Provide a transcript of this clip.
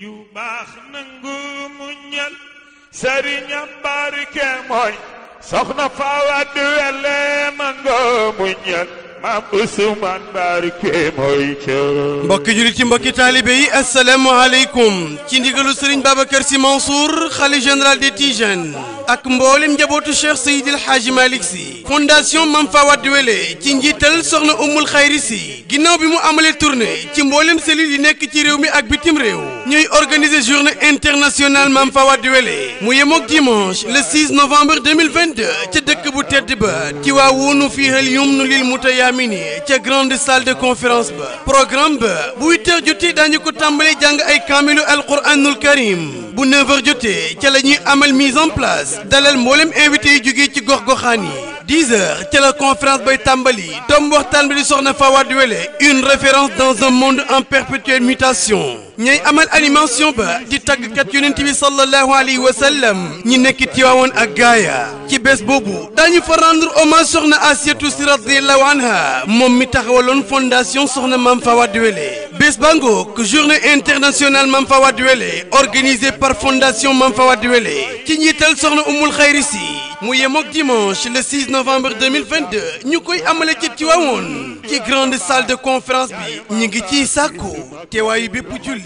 yu baax nangu mu ñel sëriñam mu ñel maam Ousmane barke mooy ca mbokki julit ci mbokki taalibe yi asalaamaaleykum ci ndigalu sëriñ Babacar Sy Mansour xali général des Tidianes ak mboolem njabootu cheikh Seydil Hadji Malick Sy fondation Mame Fawade Wele ci njiital soxna Umul Xayri Sy ginnaaw bi mu amalee tournée ci mboolem cellule yi nekk ci réew mi ak bitim réew ñooy organiser journée internationale Mame Fawade Wellé mu yemook dimanche le 6 novembre 2022 ca dëkk bu tedd ba ci waa woonu fiihal yumnu lil mutayaamini ca grande salle de conférence ba programme ba bu 8 heures jotee daañu ko tàmbalee jàng ay kaamilu alquranul karim bu 9 heures jotee ca la ñuy amal mise en place dalal mboolem invité yi jógee Porokhane yi 10 heures ca la conférence bay tàmbali tomb waxtaan bi di soxna Wele une référence dans un monde en perpétuelle mutation ñay amal animation ba di tàggkat yonent bi sallallahu alayhi wa sallam ñi nekk Tiwaawoon ak gaaya ci bés boobu daañu fa rendre hommage soxna Asiatu Si radiyallahu anha moom mi taxawaloon fondation soxna Maam Fawad Wele bés bangook journée internationale Maam Fawad Wele organisée par fondation Maam Fawad Wele ci njiital soxna Umul Xayri mu yem ak dimanche le 6 novembre 2022 ñu koy amale ci Tiwaawoon ci grande salle de conférence bi ñu ngi ciy sàkku teewaayu bépp julli